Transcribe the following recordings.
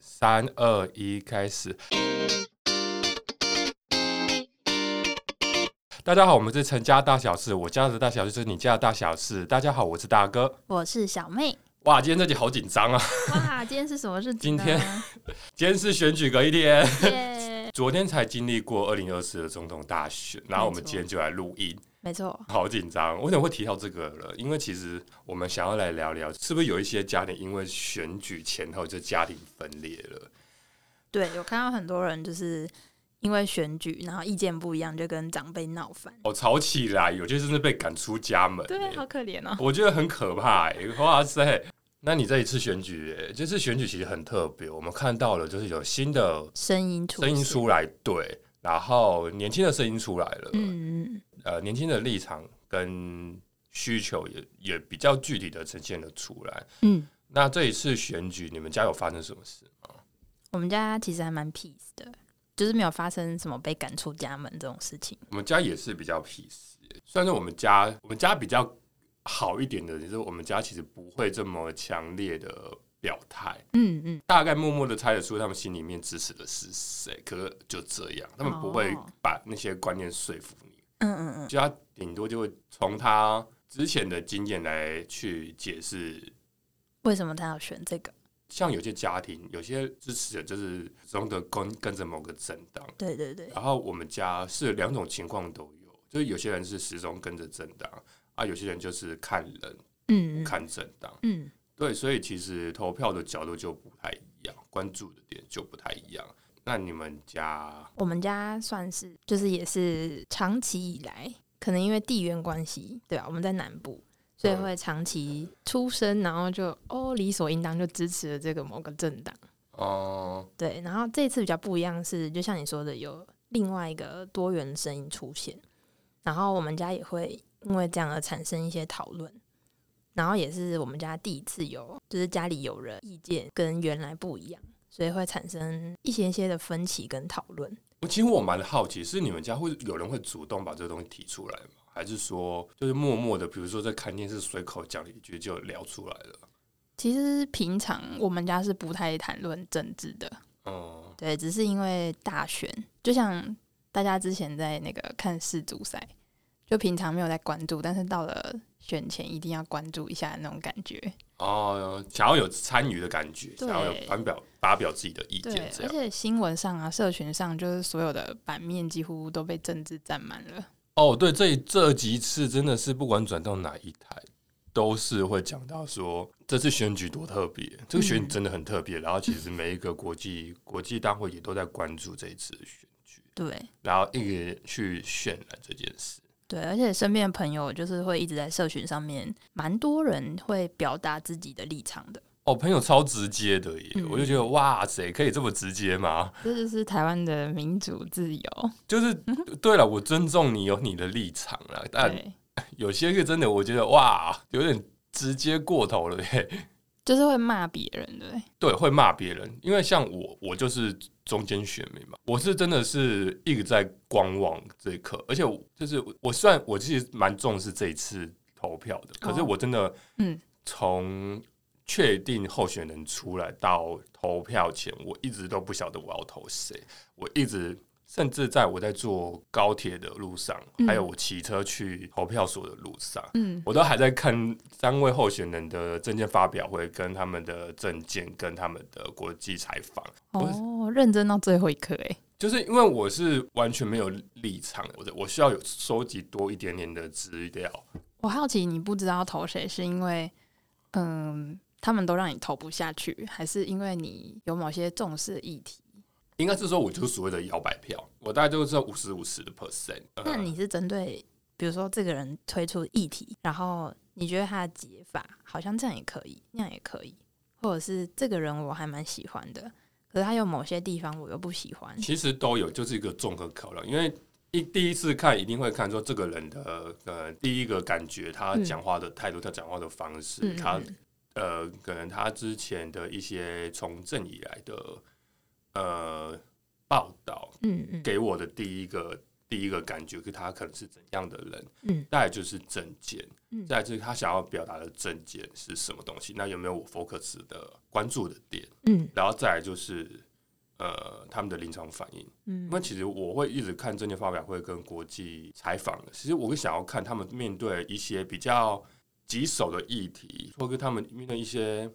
三二一，3, 2, 1, 開始！大家好，我們是陳家大小事，我家的大小事，就是你家的大小事。大家好，我是大哥，我是小妹。哇，今天這集好緊張啊！哇，今天是什麼日子？今天，今天是選舉隔一天，耶昨天才經歷過二零二四的總統大選，然後我們今天就來錄音。沒錯，好緊張。為什麼會提到這個了？因為其實我們想要來聊聊，是不是有一些家庭因為選舉前後就家庭分裂了？對，有看到很多人就是因為選舉，然後意見不一樣，就跟長輩鬧翻，哦，吵起來，有些甚至被趕出家門，欸。對，好可憐啊，哦，我覺得很可怕，欸，哇塞！那你這一次選舉，欸，這次選舉其實很特別，我們看到了就是有新的聲音，聲音出來，對。然後年輕的聲音出來了，嗯呃，年輕的立場跟需求也也比較具體的呈現了出來，嗯。那這一次選舉，你們家有發生什麼事嗎？我們家其實還蠻 peace 的，就是沒有發生什麼被趕出家門這種事情。我們家也是比較 peace，算是我們家，我們家比較好一點的，就是我們家其實不會這麼強烈的。表態、嗯，嗯嗯，大概默默的猜得出他們心裡面支持的是誰，可是就這樣，他們不會把那些觀念說服你，嗯嗯、哦、嗯，嗯就他頂多就會從他之前的經驗來去解釋為什麼他要選這個。像有些家庭，有些支持者就是始終的跟跟着某個政黨，對對對。然後我們家是兩種情況都有，就是有些人是始終跟着政黨，啊，有些人就是看人，嗯，看政黨，嗯。對，所以其實投票的角度就不太一樣，關注的點就不太一樣。那你們家？我們家算是就是也是長期以來，可能因為地緣關係，對吧、啊？我們在南部，所以會長期出生，嗯、然後就哦理所應當就支持了這個某個政黨。哦、嗯，對。然後這次比較不一樣是，就像你說的，有另外一個多元聲音出現，然後我們家也會因為這樣而產生一些討論。然後也是我們家第一次有，就是家裡有人意見跟原來不一樣，所以會產生一些些的分歧跟討論。我其實我蠻好奇，是你們家會有人會主動把這個東西提出來嗎？還是說就是默默的，比如說在看電視隨口講一句就聊出來了？其實平常我們家是不太談論政治的。哦、嗯，對，只是因為大選，就像大家之前在那個看世足賽，就平常沒有在關注，但是到了，選前一定要關注一下那種感覺哦、呃，想要有參與的感覺，對想要有發表發表自己的意見這樣。而且新聞上啊，社群上，就是所有的版面幾乎都被政治佔滿了。哦，對，這這幾次真的是不管轉到哪一台，都是會講到說這次選舉多特別，這個選舉真的很特別。嗯、然後其實每一個國際、嗯、國際單位也都在關注這一次選舉，對，然後一直去渲染這件事。對，而且身邊的朋友就是會一直在社群上面，蠻多人會表達自己的立場的。哦，朋友超直接的耶！嗯、我就覺得哇塞，可以這麼直接嗎？這就是台灣的民主自由。就是，對了，我尊重你有、喔、 你的立場了，但對有些人真的，我覺得哇，有點直接過頭了耶。就是會罵別人，對。對，會罵別人，因為像我，我就是。中間選民嘛，我是真的是一直在觀望這一刻，而且就是我算，我其實蠻重視這一次投票的，可是我真的，從確定候選人出來到投票前，我一直都不曉得我要投誰，我一直。甚至在我在坐高鐵的路上，嗯、還有我騎車去投票所的路上，嗯，我都還在看三位候選人的政見發表會，跟他們的政見，跟他們的國際採訪。哦，是認真到最後一刻，哎，就是因為我是完全沒有立場，我的我需要有收集多一點點的資料。我好奇，你不知道投誰，是因為嗯，他們都讓你投不下去，還是因為你有某些重視的議題？應該是說，我就是所謂的搖擺票，嗯、我大概就是五十五十的 percent。呃、那你是針對，比如說這個人推出議題，然後你覺得他的解法好像這樣也可以，那樣也可以，或者是這個人我還蠻喜歡的，可是他有某些地方我又不喜歡。其實都有，就是一個綜合考量。因為一第一次看，一定會看說這個人的呃第一個感覺，他講話的態度，嗯、他講話的方式，嗯嗯他呃可能他之前的一些從政以來的。呃，報道，給我的第一個、嗯嗯、第一個感覺是他可能是怎樣的人，嗯，再來就是政見，嗯、再來就是他想要表達的政見是什麼東西，那有沒有我 focus 的關注的點，嗯，然後再來就是呃他們的臨場反應，嗯，那其實我會一直看政見發表會跟國際採訪的，其實我會想要看他們面對一些比較棘手的議題，或者他們面對一些。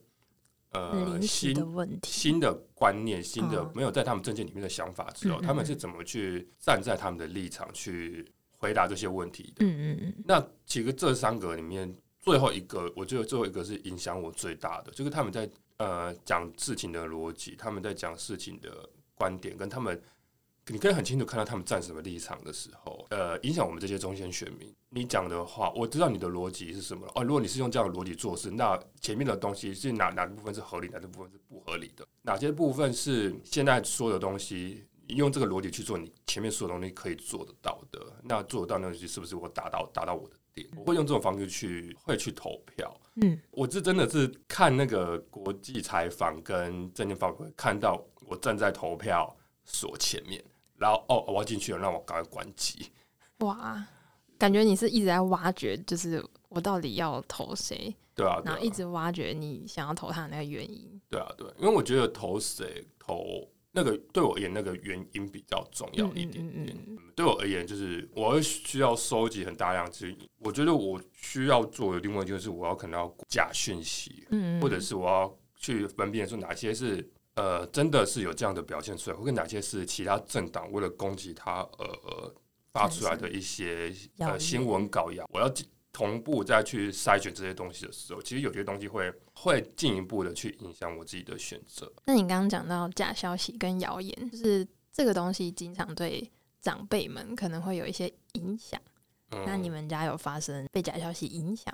呃，新的問題，新新的觀念，新的沒有在他們政見裡面的想法之後，嗯嗯，他們是怎麼去站在他們的立場去回答這些問題的？嗯嗯嗯。那其實這三個裡面，最後一個，我覺得最後一個是影響我最大的，就是他們在呃講事情的邏輯，他們在講事情的觀點，跟他們。你可以很清楚看到他們站什麼立場的時候，呃，影響我們這些中間選民。你講的話，我知道你的邏輯是什麼了。哦，如果你是用這樣的邏輯做事，那前面的東西是哪哪個部分是合理的，哪個部分是不合理的？哪些部分是現在說的東西？你用這個邏輯去做，你前面所有東西可以做得到的，那做得到那東西是不是我達到達到我的點？我會用這種方式去會去投票。嗯，我這真的是看那個國際採訪跟政見發布會，看到我站在投票所前面。然後哦，我要進去了，那我趕快關機。哇，感覺你是一直在挖掘，就是我到底要投誰？對啊，對啊，然後一直挖掘你想要投他的那個原因。對啊，對，因為我覺得投誰投那個對我而言，那個原因比較重要一點點。嗯，嗯，嗯，對我而言，就是我需要收集很大量的資源。我覺得我需要做的定位就是，我要可能要假訊息，嗯，嗯，或者是我要去分辨出哪些是。呃，真的是有這樣的表現出來。會跟哪些是其他政黨為了攻擊他而、呃、發出來的一些呃新聞稿謠？我要同步再去篩選這些東西的時候，其實有些東西會會進一步的去影響我自己的選擇。那你剛剛講到假消息跟謠言，就是這個東西經常對長輩們可能會有一些影響。嗯、那你們家有發生被假消息影響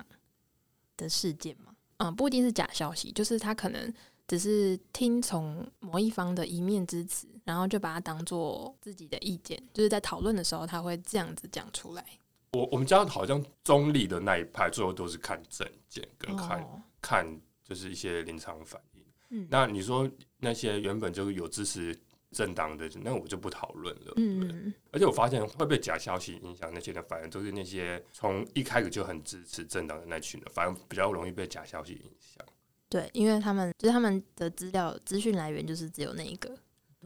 的事件嗎？嗯、啊，不一定是假消息，就是他可能。只是聽從某一方的一面之詞，然後就把它當做自己的意見。就是在討論的時候，他會這樣子講出來。我我們家好像中立的那一派，最後都是看政見跟看、哦、看，看就是一些臨場反應。嗯、那你說那些原本就有支持政黨的，那我就不討論了。嗯，而且我發現會被假消息影響那些人，反而都是那些從一開始就很支持政黨的那群人，反而比較容易被假消息影響。對，因為他們就是他們的資料資訊來源就是只有那一個。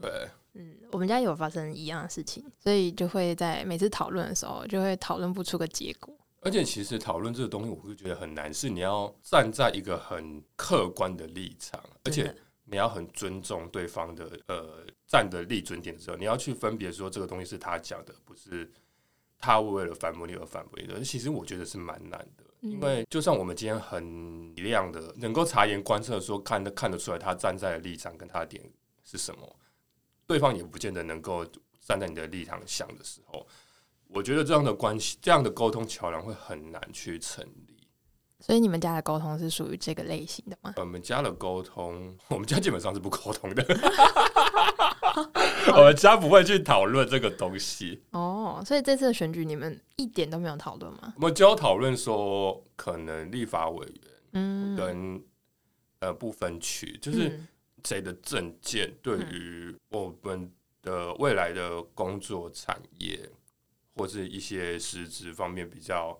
對，嗯，我們家有發生一樣的事情，所以就會在每次討論的時候就會討論不出個結果。而且，其實討論這個東西，我會覺得很難，是你要站在一個很客觀的立場，對而且你要很尊重對方的呃站的立準點的時候，你要去分別說這個東西是他講的，不是他為了反駁你而反駁你的。其實我覺得是蠻難的。因為就算我們今天很體諒的，能夠察言觀色說，看得看得出來他站在的立場跟他的點是什麼，對方也不見得能夠站在你的立場想的時候，我覺得這樣的關係、這樣的溝通橋樑會很難去成立。所以你們家的溝通是屬於這個類型的嗎？我們家的溝通，我們家基本上是不溝通的。 我們家不會去討論這個東西哦，oh, 所以這次的選舉你們一點都沒有討論嗎？我們就討論說，可能立法委員嗯、呃，跟呃不分區，就是誰的政見對於我們的未來的工作產業、嗯、或是一些實質方面比較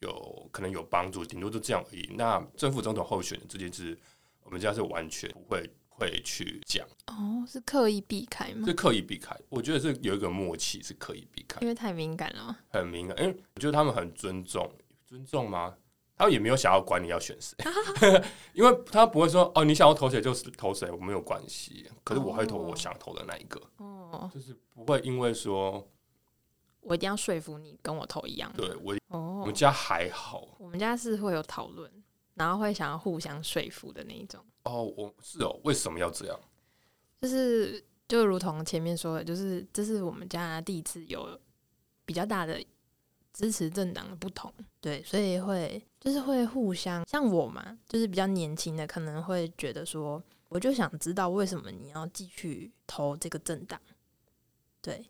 有可能有幫助，頂多就這樣而已。那政府總統候選人這件事，我們家是完全不會。會去講哦。是刻意避開嗎？是刻意避開，我覺得是有一個默契，是刻意避開，因為太敏感了，很敏感。因為我覺得他們很尊重，尊重嗎？他也沒有想要管你要選誰，啊、 因為他不會說哦，你想要投誰就投誰，我沒有關係。可是我會投我想投的那一個，哦，就是不會因為說我一定要說服你跟我投一樣，對我，哦、我們家還好，我們家是會有討論，然後會想要互相說服的那一種。哦，oh, 我是哦，為什麼要這樣？就是就如同前面說的，就是這是我們家第一次有比較大的支持政黨的不同，對，所以會就是會互相。像我嘛，就是比較年輕的，可能會覺得說，我就想知道為什麼你要繼續投這個政黨，對，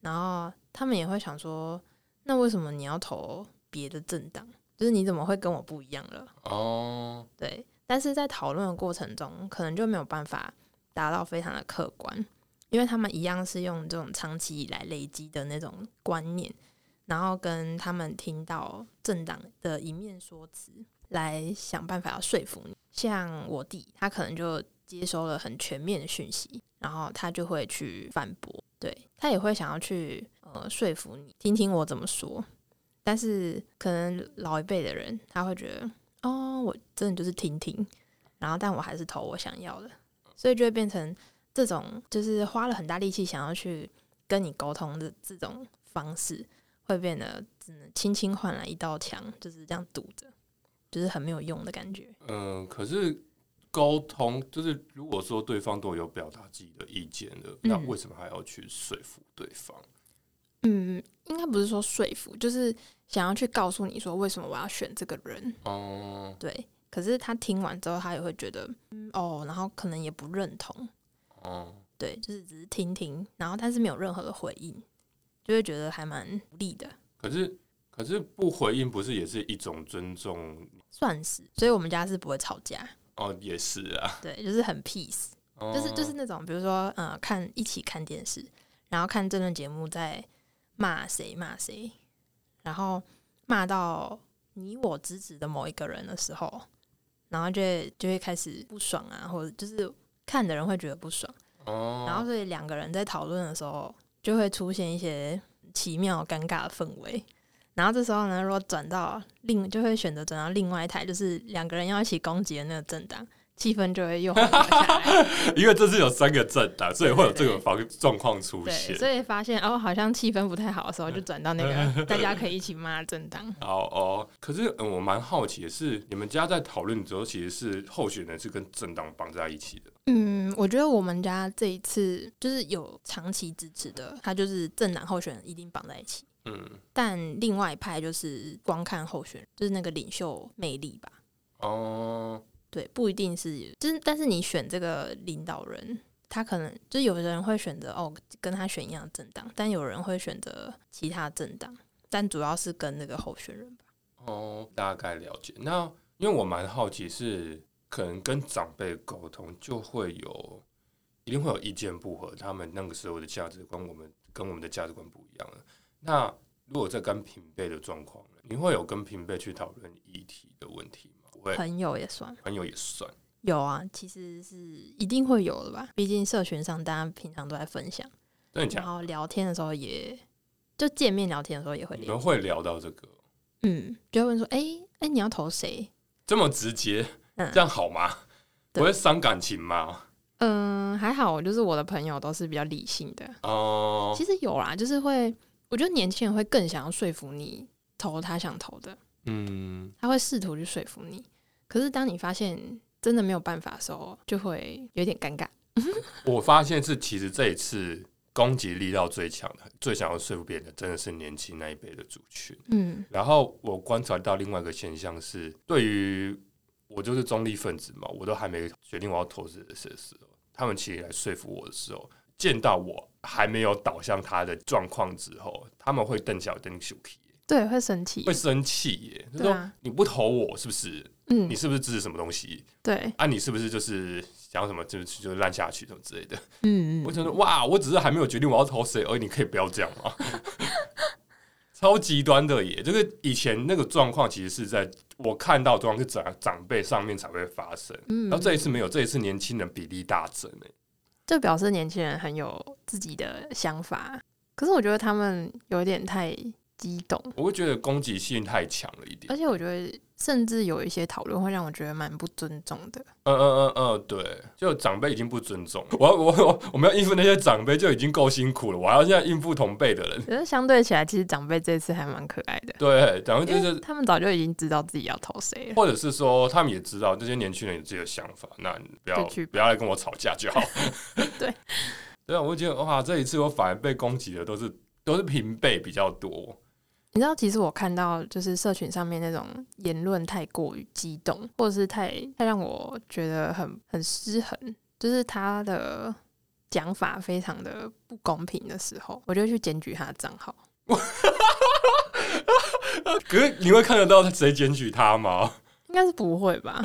然後他們也會想說，那為什麼你要投別的政黨？就是你怎麼會跟我不一樣了？哦，oh. 對。但是在討論的過程中，可能就沒有辦法達到非常的客觀，因為他們一樣是用這種長期以來累積的那種觀念，然後跟他們聽到政黨的一面說辭來想辦法要說服你。像我弟，他可能就接收了很全面的訊息，然後他就會去反駁，對。他也會想要去呃說服你，聽聽我怎麼說。但是可能老一輩的人，他會覺得。哦，我真的就是聽聽，然後但我還是投我想要的，所以就會變成這種，就是花了很大力氣想要去跟你溝通的這種方式，會變得只能輕輕換來一道牆，就是這樣堵着，就是很沒有用的感覺。嗯，可是溝通就是如果說對方都有表達自己的意見了，嗯，那為什麼還要去說服對方？嗯，應該不是說說服，就是想要去告訴你說為什麼我要選這個人哦。Oh. 對，可是他聽完之後，他也會覺得嗯哦，然後可能也不認同哦。Oh. 對，就是只是聽聽，然後但是沒有任何的回應，就會覺得還蠻無力的。可是，可是不回應不是也是一種尊重？算是，所以我們家是不會吵架哦，oh, 也是啊，對，就是很 peace，oh. 就是就是那種比如說嗯、呃，看一起看電視，然後看這段節目在。罵誰罵誰，然後罵到你我支持的某一個人的時候，然後就會就會開始不爽啊，或者就是看的人會覺得不爽。然後所以兩個人在討論的時候，就會出現一些奇妙尷尬的氛圍。然後這時候呢，如果轉到另，就會選擇轉到另外一台，就是兩個人要一起攻擊的那個政黨，氣氛就會又下來， 因為這是有三個政黨，所以會有這個防狀況出現。所以發現哦，好像氣氛不太好的時候，就轉到那個大家可以一起罵政黨 、哦。哦哦，可是、嗯、我蠻好奇的是，你們家在討論的時候，其實是候選人是跟政黨綁在一起的。嗯，我覺得我們家這一次就是有長期支持的，他就是政黨候選人一定綁在一起。嗯，但另外一派就是光看候選人，就是那個領袖魅力吧。哦。對，不一定是，就是，但是你選這個領導人，他可能就有人會選擇哦，跟他選一樣政黨，但有人會選擇其他政黨，但主要是跟那個候選人吧。哦，大概了解。那因為我蠻好奇是，是可能跟長輩溝通就會有一定會有意見不合，他們那個時候的價值觀，我們跟我們的價值觀不一樣了。那如果在跟平輩的狀況呢，你會有跟平輩去討論議題的問題？朋友也算，朋友也算有啊，其實是一定會有的吧。嗯、畢竟社群上大家平常都在分享，對你講，然後聊天的時候也，也就見面聊天的時候也會聊，你們會聊到這個？嗯，就會問說：“哎、欸、哎、欸，你要投誰？”這麼直接，嗯、這樣好嗎？嗯、不會傷感情嗎？嗯，還好，就是我的朋友都是比較理性的哦。嗯、其實有啦，就是會，我覺得年輕人會更想要說服你投他想投的，嗯，他會試圖去說服你。可是，當你發現真的沒有辦法的時候，就會有點尷尬。 我發現是，其實這一次攻擊力道最強的、最想要說服別人的，真的是年輕那一輩的族群。嗯，然後我觀察到另外一個現象是，對於我就是中立分子嘛，我都還沒決定我要投資誰的時候。他們其實來說服我的時候，見到我還沒有倒向他的狀況之後，他們會瞪小燈、秀氣。對，會生氣，會生氣耶！對啊、就說你不投我，是不是？嗯，你是不是支持什麼東西？對，啊，你是不是就是想要什麼就就爛下去什麼之類的？嗯，我覺得哇，我只是還沒有決定我要投誰，而已，你可以不要這樣嘛！ 超極端的耶。這個以前那個狀況其實是在我看到都是長長輩上面才會發生，嗯，然後這一次沒有，這一次年輕人比例大增誒，這表示年輕人很有自己的想法，可是我覺得他們有點太。激動，我會覺得攻擊性太強了一點，而且我覺得甚至有一些討論會讓我覺得蠻不尊重的。嗯嗯嗯嗯，對，就長輩已經不尊重了我，我我我們要應付那些長輩就已經夠辛苦了，我還要現在應付同輩的人。那相對起來，其實長輩這次還蠻可愛的。對，長輩就是他們早就已經知道自己要投誰，或者是說他們也知道這些年輕人有自己的想法，那你不要去，不要來跟我吵架就好。 對，對，我會覺得哇，這一次我反而被攻擊的都是都是平輩比較多。你知道，其實我看到就是社群上面那種言論太過於激動，或者是太太讓我覺得很很失衡，就是他的講法非常的不公平的時候，我就去檢舉他的賬號。 可是你會看得到他誰檢舉他嗎？應該是不會吧？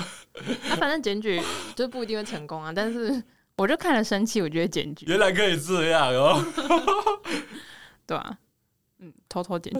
那、啊、反正檢舉就不一定會成功啊。但是我就看了生氣，我就檢舉。原來可以這樣哦。 對啊。嗯，偷偷點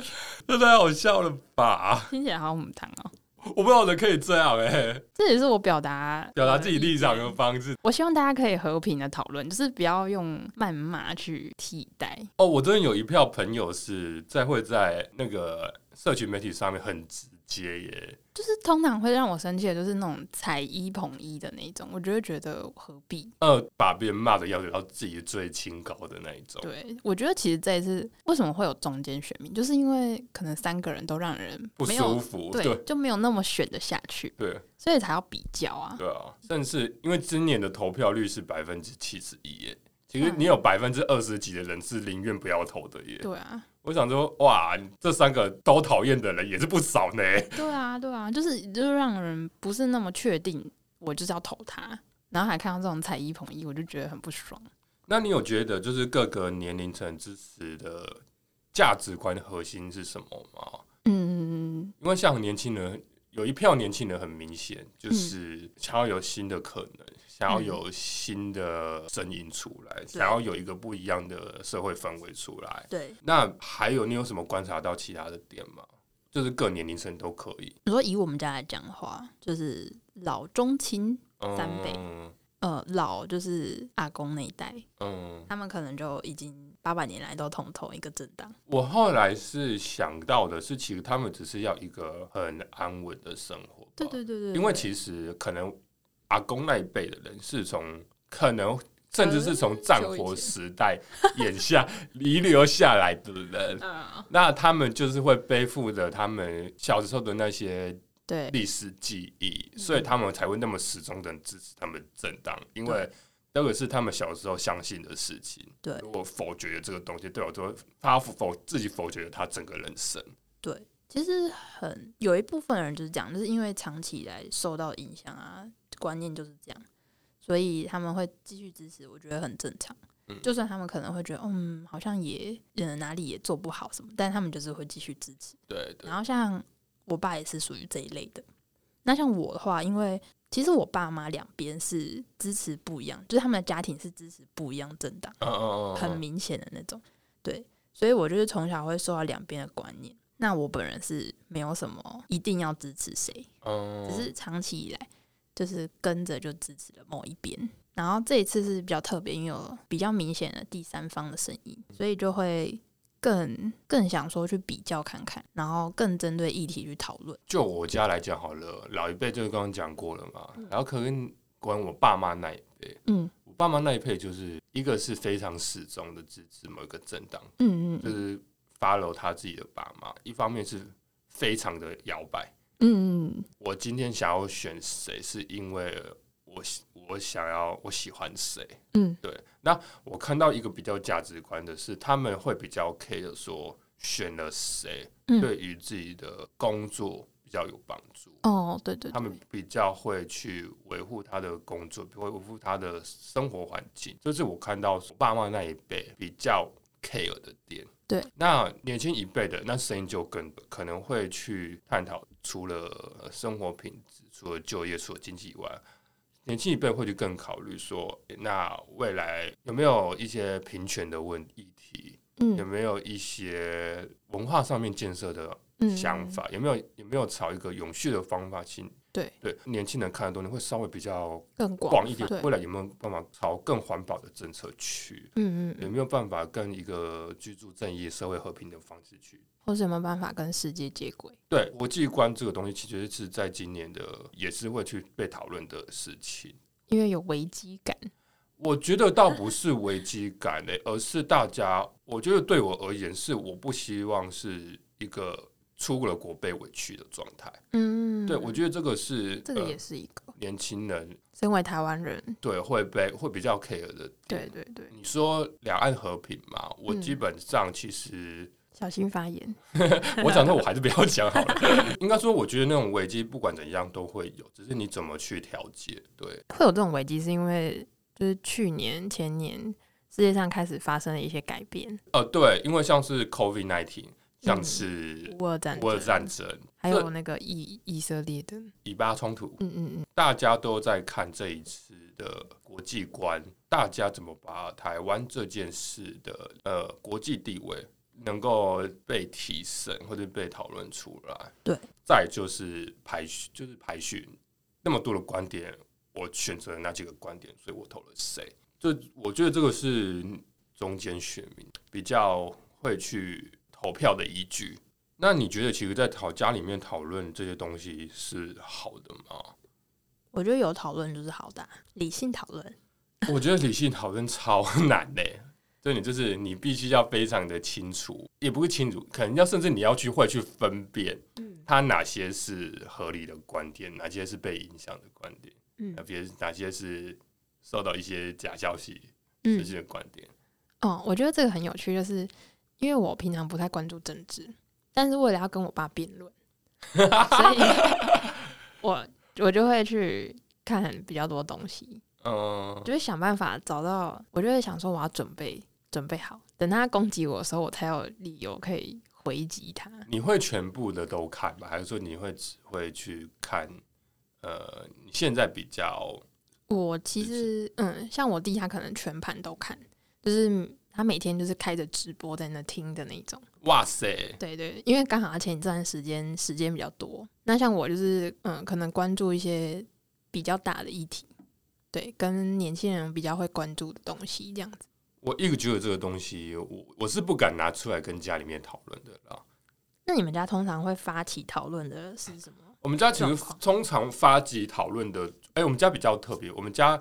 那 這太好笑了吧？聽起來好像我們談哦，我不知道可以這樣哎、欸，這也是我表達表達自己立場的方式。呃、我希望大家可以和平的討論，就是不要用謾罵去替代哦。我真的有一票朋友是在會在那個社群媒體上面很。接耶，就是通常會讓我生氣的，就是那種踩一捧一的那種，我就會覺得何必，呃，把別人罵的要死，到自己最清高的那一種。對，我覺得其實這一次為什麼會有中間選民，就是因為可能三個人都讓人不舒服，對，對就沒有那麼選得下去，對，所以才要比較啊。對啊，但是因為今年的投票率是百分之七十一耶，其實你有百分之二十幾的人是寧願不要投的耶。對啊。我想說，哇，這三個都討厭的人也是不少呢。對啊，對啊，就是就是讓人不是那麼確定，我就是要投他，然後還看到這種踩一捧一，我就覺得很不爽。那你有覺得就是各個年齡層支持的價值觀核心是什麼嗎？嗯，因為像很年輕人。有一票年輕人很明顯，就是想要有新的可能，想要有新的聲音出來，嗯、想要有一個不一樣的社會氛圍出來。對，那還有你有什麼觀察到其他的點嗎？就是各年齡層都可以。如果以我們家來講的話，就是老中青三輩。嗯呃，老就是阿公那一代，嗯，他們可能就已經八百年來都同同一個政黨。我後來是想到的是，其實他們只是要一個很安穩的生活。對對對，對，對。因為其實可能阿公那一輩的人是從，可能甚至是從戰火時代眼下遺留下來的人，嗯，那他們就是會背負着他們小時候的那些。對歷史記憶，所以他們才會那麼始終的支持他們政黨。對，因為那個是他們小時候相信的事情。對，如果否決了這個東西，對我說他否自己否決了他整個人生。對，其實很有一部分人就是講，就是因為長期以來受到影響啊，觀念就是這樣，所以他們會繼續支持，我覺得很正常。嗯、就算他們可能會覺得，哦、嗯，好像也嗯哪裡也做不好什麼，但他們就是會繼續支持。對，對，然後像。我爸也是屬於這一類的。那像我的話，因為其實我爸媽兩邊是支持不一樣，就是他們的家庭是支持不一樣政黨，很明顯的那種。對，所以我就是從小會受到兩邊的觀念。那我本人是沒有什麼一定要支持誰，只是長期以來就是跟着就支持了某一邊。然後這一次是比較特別，因為有比較明顯的第三方的聲音，所以就會。更更想說去比較看看，然後更針對議題去討論。就我家來講好了，對老一輩就是剛剛講過了嘛。嗯、然後可能關我爸媽那一輩，嗯，我爸媽那一輩就是一個是非常始終的支持某一個政黨，嗯，嗯嗯，就是 follow 他自己的爸媽，一方面是非常的搖擺，嗯嗯。我今天想要選誰，是因為。我我想要我喜歡誰？嗯，對。那我看到一個比較價值觀的是，他們會比較 care 說選了誰，嗯、對於自己的工作比較有幫助。哦，對對，對，他們比較會去維護他的工作，維護他的生活環境。這，就是我看到我爸媽那一輩比較 care 的點。對，那年輕一輩的那聲音，就更多可能會去探討除了生活品質、除了就業、除了經濟以外，年輕一輩會去更考慮說，那未來有沒有一些平權的問題？嗯、有沒有一些文化上面建設的想法？嗯、有沒有有沒有朝一個永續的方法去？對，對年輕人看的東西你會稍微比較廣一點。未來有沒有辦法朝更環保的政策去？嗯、有沒有辦法跟一個居住正義、社會和平的方式去？是有什麼辦法跟世界接軌？對，國際觀這個東西，其實是在今年的也是會去被討論的事情。因為有危機感，我覺得倒不是危機感呢， 而是大家，我覺得對我而言是我不希望是一個出了國被委屈的狀態。嗯，對，我覺得這個是這個也是一個、呃、年輕人，身為台灣人，對會被會比較 care 的。對對對，你說兩岸和平嘛，我基本上其實、嗯。小心發言。 我想說，我還是不要講好了。 應該說，我覺得那種危機不管怎樣都會有，只是你怎麼去調節。對，會有這種危機，是因為就是去年前年，世界上開始發生了一些改變。呃，對，因為像是 COVID nineteen，像是烏俄戰烏俄戰爭，戰爭還有那個以以色列的以巴衝突。嗯嗯嗯，大家都在看這一次的國際觀，大家怎麼把台灣這件事的呃國際地位？能夠被提升，或者被討論出來，對。再就是排，就是排序那麼多的觀點，我選擇了哪幾個觀點，所以我投了誰。就我覺得這個是中間選民比較會去投票的依據。那你覺得，其實，在討家裡面討論這些東西是好的嗎？我覺得有討論就是好的，理性討論。我覺得理性討論超難的、欸。所以你就是你必須要非常的清楚，也不是清楚，可能要甚至你要去會去分辨，他哪些是合理的觀點，哪些是被影響的觀點，嗯，啊，哪些是受到一些假消息這些觀點，嗯。哦，我覺得這個很有趣，就是因為我平常不太關注政治，但是為了要跟我爸辯論， 所以我我就會去看比較多東西，嗯，就會想辦法找到，我就會想說我要準備。準備好，等他攻擊我的時候，我才有理由可以回擊他。你會全部的都看嗎？還是說你會只會去看？呃，現在比較，我其實是嗯，像我弟他可能全盤都看，就是他每天就是開着直播在那聽的那種。哇塞，對，對對，因為剛好他前一段時間時間比較多。那像我就是嗯，可能關注一些比較大的議題，對，跟年輕人比較會關注的東西這樣子。我一直覺得這個東西，我我是不敢拿出來跟家裡面討論的啦。那你們家通常會發起討論的是什麼？我們家其實通常發起討論的，誒、欸，我們家比較特別，我們家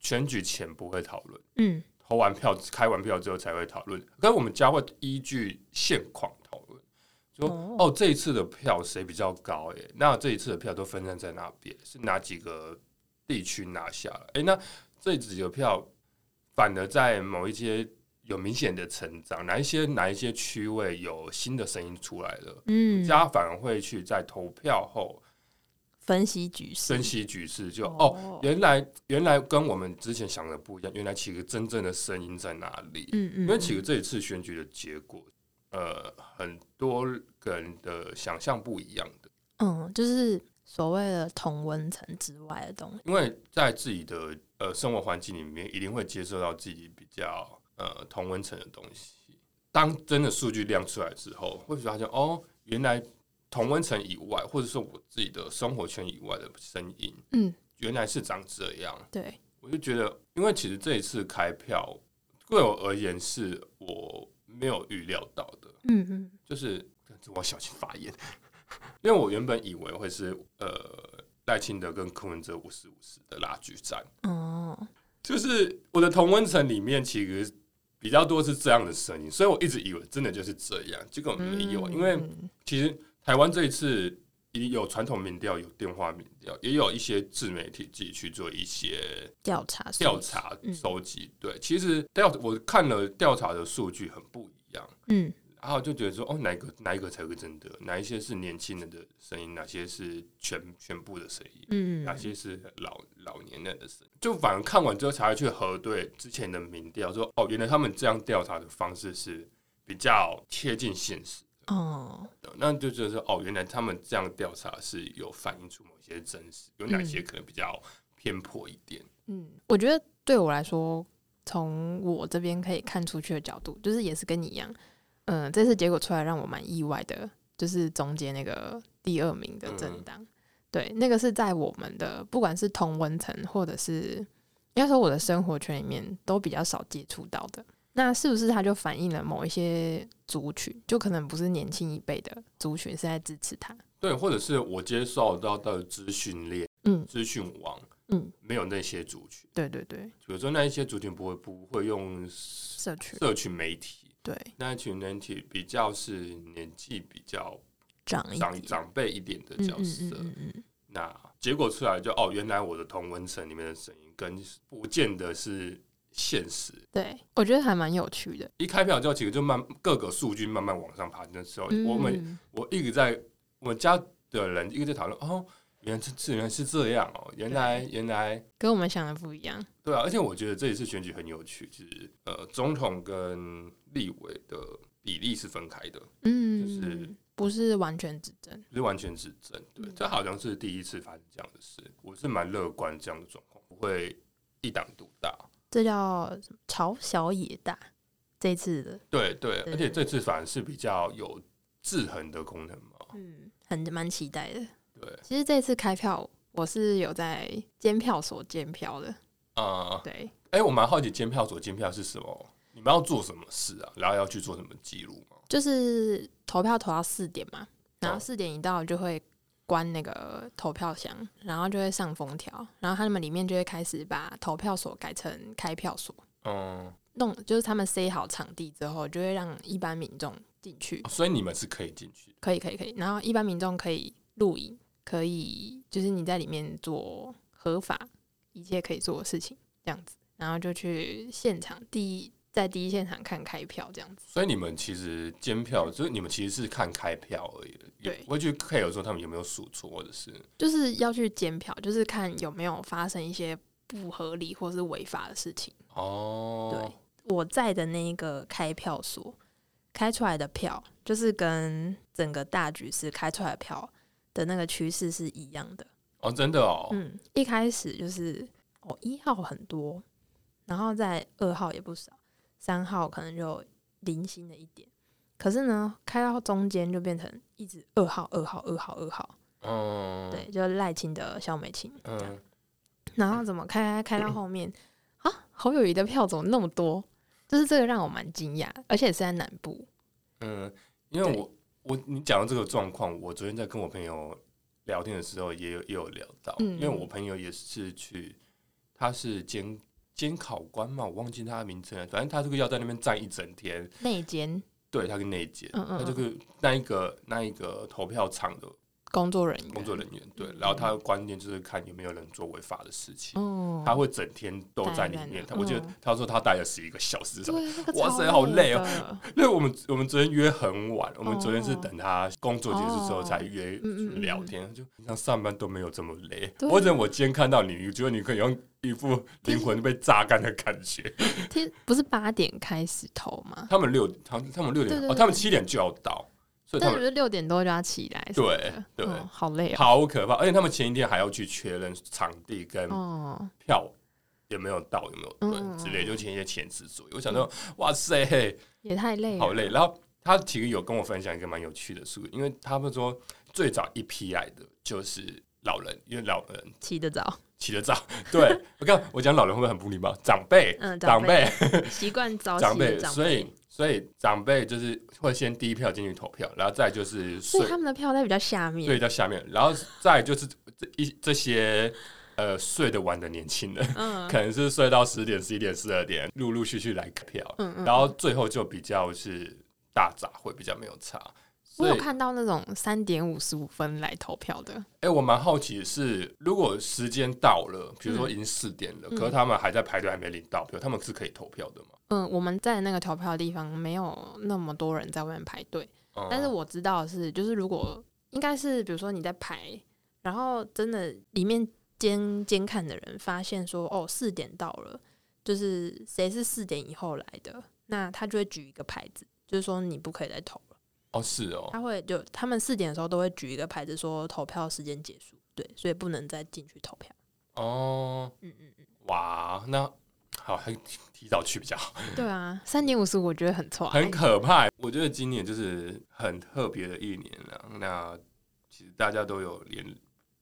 選舉前不會討論，嗯，投完票、開完票之後才會討論。可是我們家會依據現況討論，就是、說哦，哦，哦，這一次的票誰比較高、欸？誒？那這一次的票都分散在哪邊？是哪幾個地區拿下了？哎、欸，那這幾個票。反而在某一些有明顯的成長，哪一些哪一些區位有新的聲音出來了，嗯，家反而會去在投票後分析局勢，分析局勢就哦，哦，原來原來跟我們之前想的不一樣，原來其實真正的聲音在哪裡？嗯嗯，因為其實這一次選舉的結果，呃，很多人的想象不一樣的，嗯，就是所謂的同溫層之外的東西，因為在自己的。呃，生活環境裡面一定會接受到自己比較呃同溫層的東西。當真的數據量出來之後，會發現哦，原來同溫層以外，或者說我自己的生活圈以外的聲音，嗯，原來是長這樣。對，我就覺得，因為其實這一次開票，對我而言是我沒有預料到的。嗯嗯哼，就是，是我小心發言， 因為我原本以為會是呃。賴清德跟柯文哲五十五十的拉鋸戰，哦，oh。就是我的同溫層裡面，其實比較多是這樣的聲音，所以我一直以為真的就是這樣。結果沒有，嗯、因為其實台灣這一次也有傳統民調，有電話民調，也有一些自媒體自己去做一些調查調查收集。是是嗯、對，其實調我看了調查的數據很不一樣。嗯。然後、啊、就覺得說，哦，哪一個哪一個才會真的？哪一些是年輕人的聲音？哪些是全全部的聲音？嗯，哪些是老老年人的聲音？就反而看完之後，才會去核對之前的民調，說，哦，原來他們這樣調查的方式是比較貼近現實的。哦，那就覺得說，哦，原來他們這樣調查是有反映出某些真實，有哪些可能比較偏頗一點？嗯，我覺得對我來說，從我這邊可以看出去的角度，就是也是跟你一樣。嗯，這次結果出來讓我蠻意外的，就是中間那個第二名的政黨，嗯、對，那個是在我們的不管是同溫層或者是應該說我的生活圈裡面都比較少接觸到的。那是不是它就反映了某一些族群，就可能不是年輕一輩的族群是在支持他，對，或者是我接受到的資訊鏈，嗯，資訊網，嗯，沒有那些族群。對對對，有時候那一些族群不會不會用社群，社群媒體。對，那群人體比較是年紀比較長長，長輩一點的角色，嗯嗯嗯嗯，那結果出來就哦，原來我的同溫層裡面的聲音跟不見得是現實。對我覺得還蠻有趣的。一開票之後，其實就慢各個數據慢慢往上爬的時候，我們、嗯嗯、我一直在我們家的人一直在討論哦。原是原來是這樣哦、喔，原來對原來跟我們想的不一樣。對啊，而且我覺得這一次選舉很有趣，就是呃，總統跟立委的比例是分開的，嗯，就是不是完全執政，不是完全執政，對，這、嗯、好像是第一次發生這樣的事。我是蠻樂觀這樣的狀況不會一黨獨大，這叫什麼？朝小野大。這次的，對對，對對，而且這次反而是比較有制衡的功能嘛，嗯，很蠻期待的。對，其實這次開票，我是有在監票所監票的。啊、嗯，對，哎、欸，我蠻好奇監票所監票是什麼？你們要做什麼事啊？然後要去做什麼記錄嗎？就是投票投到四點嘛，然後四點一到就會關那個投票箱，嗯、然後就會上封條，然後他們裡面就會開始把投票所改成開票所。嗯，弄就是他們塞好場地之後，就會讓一般民眾進去、哦。所以你們是可以進去？可以，可以，可以。然後一般民眾可以錄影。可以，就是你在裡面做合法一切可以做的事情，這樣子，然後就去現場第一，在第一現場看開票這樣子。所以你們其實監票，嗯、就是你們其實是看開票而已，對，我會去看有時候他們有沒有數錯，或者是就是要去監票，就是看有沒有發生一些不合理或是違法的事情。哦，對，我在的那個開票所開出來的票，就是跟整個大局是開出來的票，的那個趨勢是一樣的哦，真的哦，嗯，一開始就是哦，一號很多，然後在二號也不少，三號可能就有零星的一點，可是呢，開到中間就變成一直二號二號二號二號，哦，嗯、對，就賴清德蕭美琴這樣，嗯、然後怎麼開開到後面、嗯、啊，侯友宜的票怎麼那麼多？就是這個讓我蠻驚訝，而且是在南部，嗯，因為我。我你講的這個狀況，我昨天在跟我朋友聊天的時候，也有也有聊到，嗯、因為我朋友也是去，他是監監考官嘛，我忘記他的名字了，反正他這個要在那邊站一整天，內監，對他跟內監，嗯嗯他就是那一個那一個投票場的。工作人員，工作人員對，然後他的觀念就是看有沒有人做違法的事情。他會整天都在裡面。我記得他說他待了十一個小時，什麼哇塞，好累哦！因為我們我們昨天約很晚，我們昨天是等他工作結束之後才約聊天，就像上班都沒有這麼累。或者我今天看到你，你覺得你可以用一副靈魂被榨乾的感覺。天，不是八點開始投嗎？他們六，他他們六點哦，他們七點就要到。但不是六點多就要起來，對對，好累啊，好可怕！而且他們前一天還要去確認場地跟票有沒有到，有沒有之類，就前一天前置作業。我想說，哇塞，也太累，好累。然後他其實有跟我分享一個蠻有趣的事，因為他們說最早一批來的就是老人，因為老人起得早，起得早。對，我剛我講老人會不會很不禮貌？長輩，長輩習慣早起，長輩，所以。所以長輩就是會先第一票進去投票，然後再就是睡，所以他們的票在比較下面，對，在下面，然後再就是這一這些呃睡得晚的年輕人，嗯，可能是睡到十點、十一點、十二點，陸陸續續來開票。嗯嗯，然後最後就比較是大雜燴，會比較沒有差。我有看到那種三點五十五分來投票的。誒、欸，我蠻好奇是，如果時間到了，比如說已經四點了，嗯、可是他們還在排隊，還沒領到票，他們是可以投票的嗎？嗯，我們在那個投票的地方沒有那麼多人在外面排隊，嗯、但是我知道的是，就是如果應該是，比如說你在排，然後真的裡面監監看的人發現說，哦，四點到了，就是誰是四點以後來的，那他就會舉一個牌子，就是說你不可以再投。哦，是哦，他會就他們四點的時候都會舉一個牌子說，投票時間結束，對，所以不能再進去投票。哦，嗯嗯嗯，嗯嗯，哇，那好，還提早去比較好。對啊，三點五十五我覺得很錯，很可怕。我覺得今年就是很特別的一年了啊。那其實大家都有連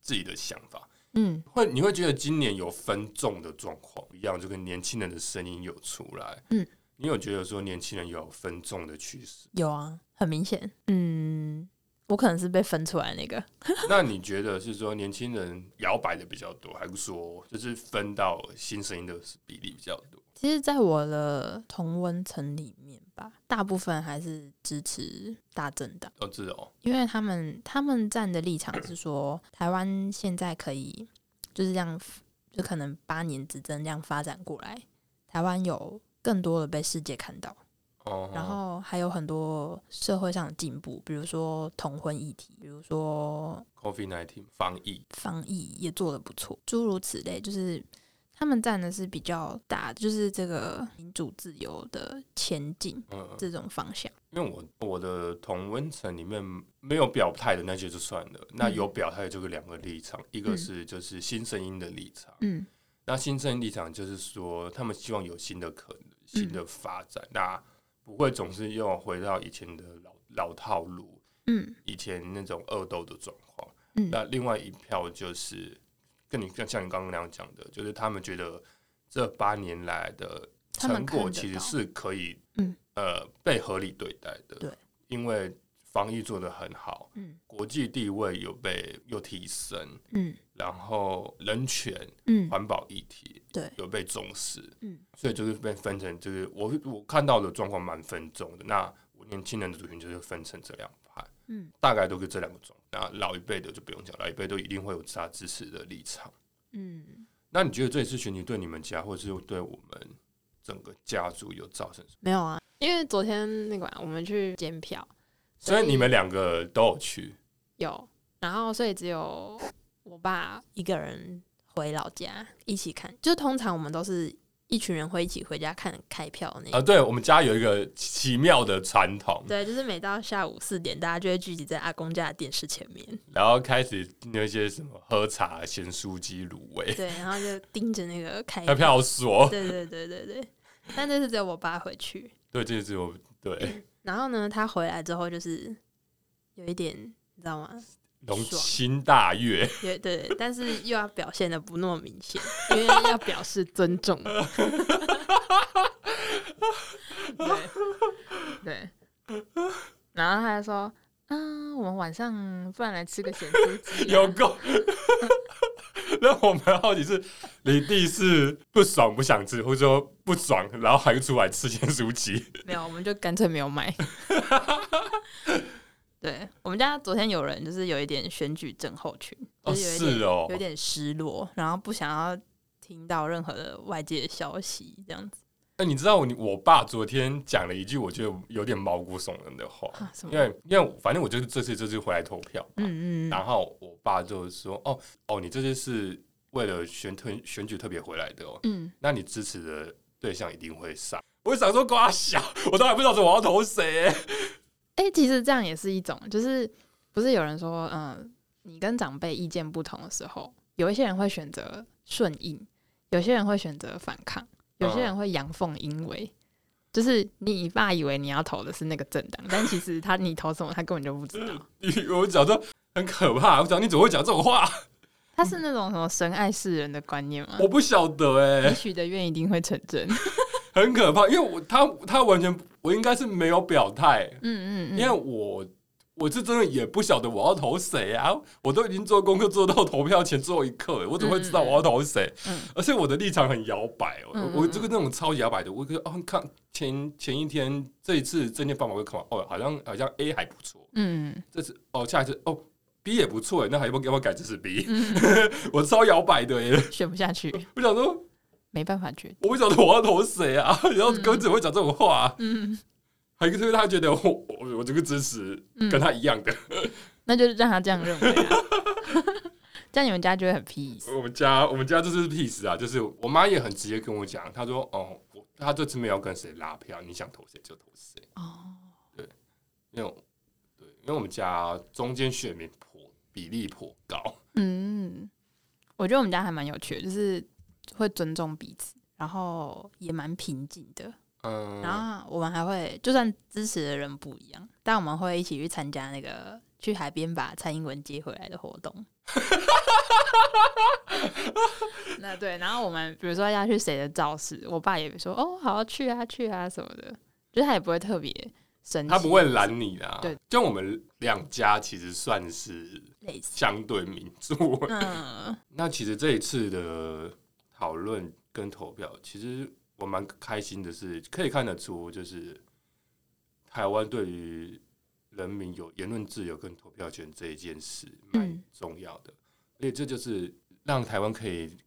自己的想法，嗯，會你會覺得今年有分眾的狀況一樣，就跟年輕人的聲音有出來，嗯，你有覺得說年輕人有分眾的趨勢？有啊。很明顯，嗯，我可能是被分出來那個。 那你覺得是說年輕人搖擺的比較多，還是說就是分到新聲音的比例比較多？其實，在我的同溫層裡面吧，大部分還是支持大政黨、哦、因為他們他們站的立場是說，台灣現在可以就是這樣，就可能八年執政這樣發展過來，台灣有更多的被世界看到。然後還有很多社會上的進步，比如說同婚議題，比如說 COVID-19 防疫，防疫也做得不錯，諸如此類，就是他們佔的是比較大就是這個民主自由的前進、嗯、這種方向。因為我，我我的同溫層裡面沒有表態的那些就算了，那有表態就是兩個立場，嗯、一個是就是新聲音的立場，嗯，那新聲音立場就是說他們希望有新的可能、新的發展，嗯、那。不會總是又回到以前的老、老套路，嗯，以前那種惡鬥的狀況。嗯，那另外一票就是，跟你像像你剛剛那樣講的，就是他們覺得這八年來的成果其實是可以，呃，被合理對待的，嗯，對，因為。防疫做得很好，嗯，國際地位有被又提升，嗯，然後人權，嗯，環保議題，對，有被重視，嗯，所以就是被分成，就是我我看到的狀況蠻分眾的。那年輕人的族群就是分成這兩派，嗯，大概都是這兩個種。那老一輩的就不用講，老一輩都一定會有他支持的立場，嗯。那你覺得這一次選舉對你們家，或者是對我們整個家族有造成什麼？沒有啊，因為昨天那個我們去監票。所以你們兩個都有去？有。然後所以只有我爸一個人回老家一起看，就通常我們都是一群人會一起回家看開票那啊，對我們家有一個奇妙的傳統，對，就是每到下午四點，大家就會聚集在阿公家的電視前面，然後開始那些什麼喝茶、鹹酥雞、滷味，對，然後就盯着那個開票，開票所，對對對對對， 但這次只有我爸回去，對，這次只有對。 然後呢，他回來之後就是有一點，你知道嗎？龍心大悅，對，對對，但是又要表現得不那麼明顯， 因為要表示尊重 對。對對，然後他就說：“啊，我們晚上不然來吃個鹹酥雞，有夠。”那我們好奇是，你第一次不爽不想吃，或者說不爽，然後還出來吃些鹹酥雞？沒有，我們就乾脆沒有買。 對，我們家昨天有人就是有一點選舉症候群，就是、哦是哦，有點失落，然後不想要聽到任何的外界的消息，這樣子。哎，你知道我我爸昨天講了一句我覺得有點毛骨悚然的話，啊、因為因為反正我就是這次這次回來投票，嗯，嗯嗯，然後我爸就說：“哦哦，你這次是為了選特選舉特別回來的哦，嗯，那你支持的對象一定會上，我想說瓜小，我倒還不知道說我要投誰。”誒、欸，其實這樣也是一種，就是不是有人說，嗯、呃，你跟長輩意見不同的時候，有一些人會選擇順應，有些人會選擇反抗。有些人會陽奉陰違，嗯、就是你爸以為你要投的是那個政黨， 但其實他你投什麼，他根本就不知道。 我講說很可怕，我講你怎麼會講這種話？他是那種什麼神愛世人的觀念嗎？ 我不曉得哎、欸，你許的願一定會成真， 很可怕。因為我他他完全我應該是沒有表態，嗯，嗯嗯，因為我。我是真的也不曉得我要投誰啊！我都已經做功課做到投票前最後一刻了。我怎麼會知道我要投誰？嗯、而且我的立場很搖擺哦，我這個那種超搖擺的，嗯嗯嗯我就、哦、看前前一天這一次政見發表會看哦，好像好像 A 還不錯，嗯，這次哦下一次哦 B 也不錯那還不要不給我改這是 B？、嗯、 我超搖擺的耶，選不下去，不想說沒辦法決定，我不曉得我要投誰啊？嗯、 然後哥怎麼會講這種話？嗯嗯還有一個，就是他覺得我我我這個支持、嗯、跟他一樣的，那就是讓他這樣認為啊，在 你們家就會很 peace。我們家我們家就是 peace 啊，就是我媽也很直接跟我講，她說：“哦，我她這次沒有跟誰拉票，你想投誰就投誰。”哦，對，因為對，因為我們家中間選民頗比例頗高。嗯，我覺得我們家還蠻有趣的，就是會尊重彼此，然後也蠻平靜的。嗯，然後我們還會，就算支持的人不一樣，但我們會一起去參加那個去海邊把蔡英文接回來的活動。 那對，然後我們比如說要去誰的造勢，我爸也說哦，好去啊，去啊什麼的，就他也不會特別生氣，他不會攔你的啊。對，就我們兩家其實算是相對民主。 嗯， 那其實這一次的討論跟投票，其實。我蠻開心的是，可以看得出，就是台灣對於人民有言論自由跟投票權這一件事蠻重要的，嗯、所以這就是讓台灣可以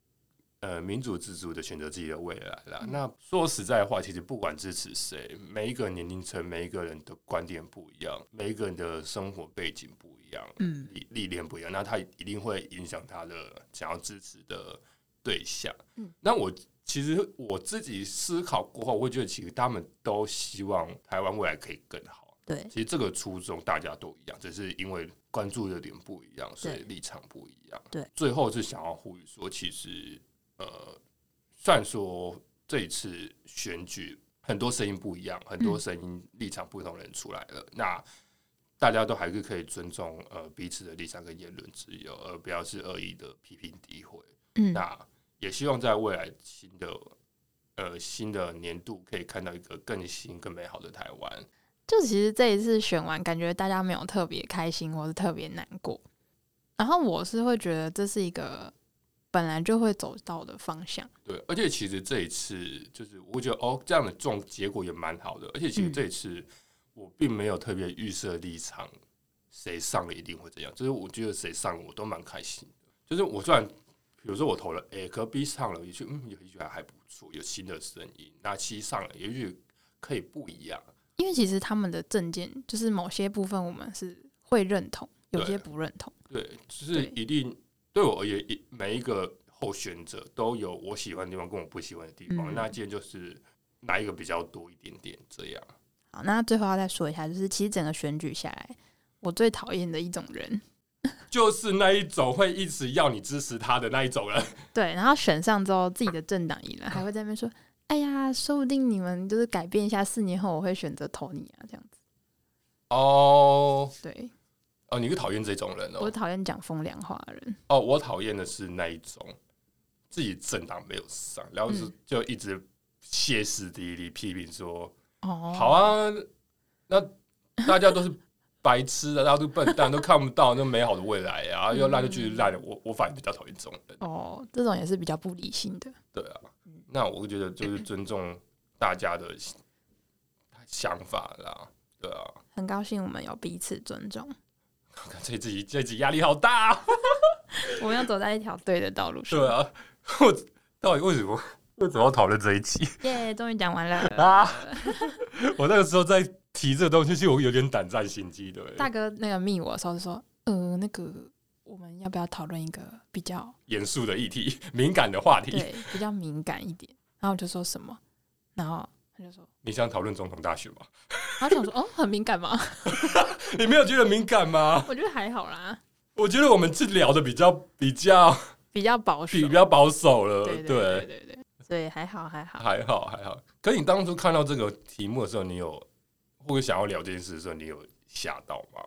呃民主自主的選擇自己的未來啦。嗯、那說實在話，其實不管支持誰，每一個年齡層，每一個人的觀點不一樣，每一個人的生活背景不一樣，嗯，歷歷練不一樣，那他一定會影響他的想要支持的對象。嗯，那我。其實我自己思考過後，我覺得其實他們都希望台灣未來可以更好。對，其實這個初衷大家都一樣，只是因為關注的點不一樣，所以立場不一樣。對，最後是想要呼籲說，其實呃，雖然說這一次選舉很多聲音不一樣，很多聲音立場不同人出來了，嗯、那大家都還是可以尊重呃彼此的立場跟言論自由，而不要是惡意的批評詆毀。嗯，那。也希望在未來新的呃新的年度可以看到一個更新更美好的台灣。就其實這一次選完，感覺大家沒有特別開心或是特別難過。然後我是會覺得這是一個本來就會走到的方向。對，而且其實這一次就是我覺得哦，這樣的狀結果也蠻好的。而且其實這一次我並沒有特別預設立場，誰上了一定會怎樣。嗯，就是我覺得誰上我都蠻開心的。就是我雖然。比如說我投了，哎，隔壁上了也，也許嗯，也許還還不錯，有新的聲音。那其實上了，也許可以不一樣。因為其實他們的政見就是某些部分我們是會認同，對有些不認同。對，就是一定對，對我而言，一每一個候選者都有我喜歡的地方跟我不喜歡的地方。嗯、哼那今天就是哪一個比較多一點點這樣。好，那最後要再說一下，就是其實整個選舉下來，我最討厭的一種人。 就是那一種會一直要你支持他的那一種人， 對。然後選上之後，自己的政黨贏了，還會在那邊說：“ 哎呀，說不定你們就是改變一下，四年後我會選擇投你啊，這樣子。”哦，對。哦，oh, 你是討厭這種人哦、喔。我討厭講風涼話的人。哦，oh, 我討厭的是那一種自己政黨沒有上，然後就就一直歇斯底里批評說：“哦，oh. 好啊，那大家都是。” 白痴的，大家都笨蛋，都看不到那美好的未來呀、啊！ 又爛就去爛，我我反而比較討厭這種人。哦，這種也是比較不理性的。對啊，那我覺得就是尊重大家的想法啦。對啊，很高興我們有彼此尊重。看這一集這一集壓力好大、啊。 我們要走在一條對的道路上。對啊。我到底為什麼為什麼要討論這一集？耶，終於講完了啊！ 我那個時候在。提這東西其實我有點膽戰心驚，對。大哥那個密我的時候就說，呃，那個我們要不要討論一個比較嚴肅的議題、敏感的話題？對，比較敏感一點。然後我就說什麼？然後他就說你想討論總統大選嗎？然後就說 哦，很敏感嗎？ 你沒有覺得敏感嗎？我覺得還好啦。我覺得我們是聊得比較比較比較保守，比，比較保守了。對，對對對對對，對還好還好還好還好。可你當初看到這個題目的時候，你有？或者想要聊這件事的時候，你有嚇到嗎？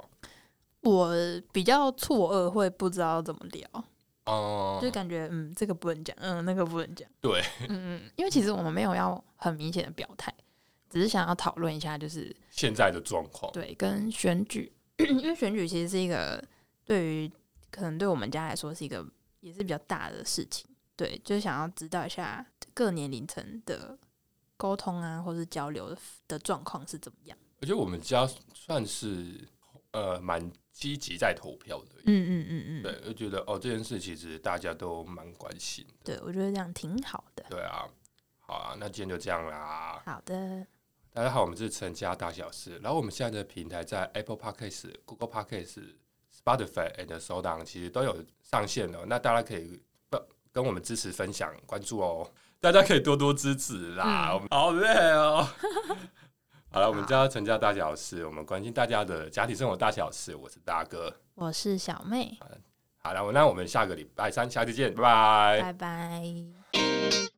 我比較錯愕，會不知道怎麼聊，哦，uh, 就感覺嗯，這個不能講，嗯，那個不能講，對，嗯嗯，因為其實我們沒有要很明顯的表態，只是想要討論一下，就是現在的狀況，對，跟選舉，因為選舉其實是一個對於可能對我們家來說是一個也是比較大的事情，對，就是想要知道一下各年齡層的。溝通啊，或是交流的狀況是怎麼樣？我覺得我們家算是呃蠻積極在投票的。嗯嗯嗯嗯，對，就覺得哦這件事其實大家都蠻關心。對，我覺得這樣挺好的。對啊，好啊，那今天就這樣啦。好的，大家好，我們是陳家大小事。然後我們現在的平台在 Apple Podcast、Google Podcast、Spotify and SoundOn 等其實都有上線了。那大家可以跟跟我們支持、分享、關注哦。大家可以多多支持啦，嗯、好累哦。好了，我們家成家大小事好我們關心大家的家庭生活大小事，我是大哥，我是小妹。好了，那我們下個禮拜三，下次見，拜拜，拜拜。